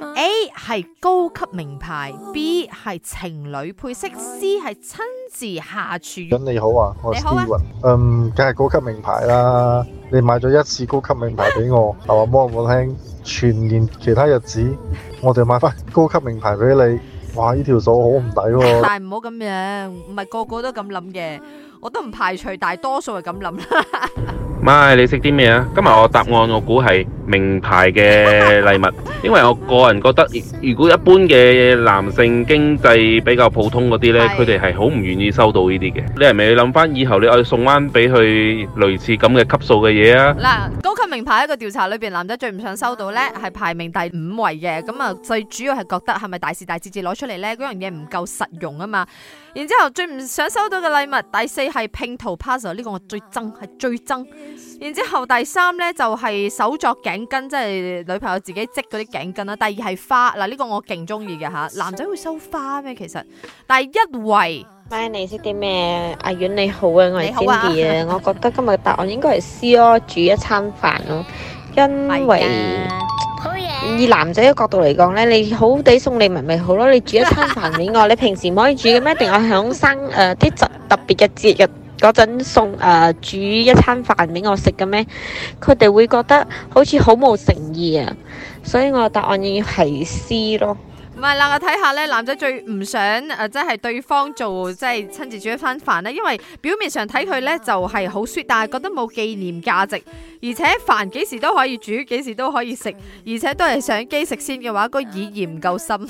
A 係高級名牌，B 係情侶配色，C 係親自下廚。咁你好啊，我係 Steven，、啊、嗯，梗係高級名牌啦。你買咗一次高級名牌俾我，係話冇我聽，全年其他日子我哋買翻高級名牌俾你。哇，呢條數好唔抵喎。但係唔好咁樣，唔係個個都咁諗嘅。我都唔排除，大多數係咁諗啦。咪你識啲咩啊？今日我答案我估係名牌嘅禮物，因為我個人覺得，如果一般嘅男性經濟比較普通嗰啲咧，佢哋係好唔願意收到呢啲嘅。你係咪要諗翻以後你可以送翻俾佢類似咁嘅級數嘅嘢啊？嗱，高級名牌一個調查裏邊，男仔最唔想收到咧，係排名第五位嘅。咁啊，最主要係覺得係咪大時大節至攞出嚟咧？嗰樣嘢唔夠實用啊嘛。然之後最唔想收到嘅禮物，第四。係拼圖 puzzle 呢個我最憎，係最憎。然之後第三呢，就係、是、手作頸巾，即係女朋友自己織嗰啲頸巾啦。第二係花，嗱、這、呢個我勁中意嘅吓。男仔會收花咩？其實，第一位。咪你識啲咩？阿婉你好啊，我係好記啊。我覺得今日答案應該係 C 咯，煮一餐飯咯，因為。以男仔嘅角度嚟講呢，你好地送禮物咪咪好咯？你煮一餐飯俾我，你平時唔可以煮嘅咩？定係響生誒啲特特別嘅節日嗰陣送誒、呃、煮一餐飯俾我食嘅咩？佢哋會覺得好似好冇誠意啊！所以我答案要係 C 咯。唔係，唔係啦，我睇下咧，男仔最唔想誒，即係對方做即係親自煮一餐飯咧，因為表面上睇佢咧就係好 sweet 但係覺得冇紀念價值，而且飯幾時都可以煮，幾時都可以食，而且都係相機食先嘅話，個意義唔夠深。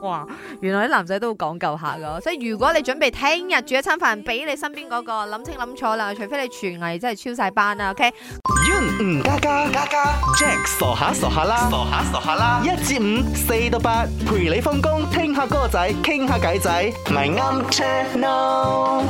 哇，原來啲男仔都好講究下噶，所以如果你準備聽日煮一餐飯俾你身邊嗰個，諗清諗錯啦，除非你廚藝真係超晒班啦，OK。嗯家家，家家，Jack 傻下傻下啦，傻下傻下啦，一至五，四到八，陪你放工，聽下歌仔，傾下偈仔，咪噉聽 no。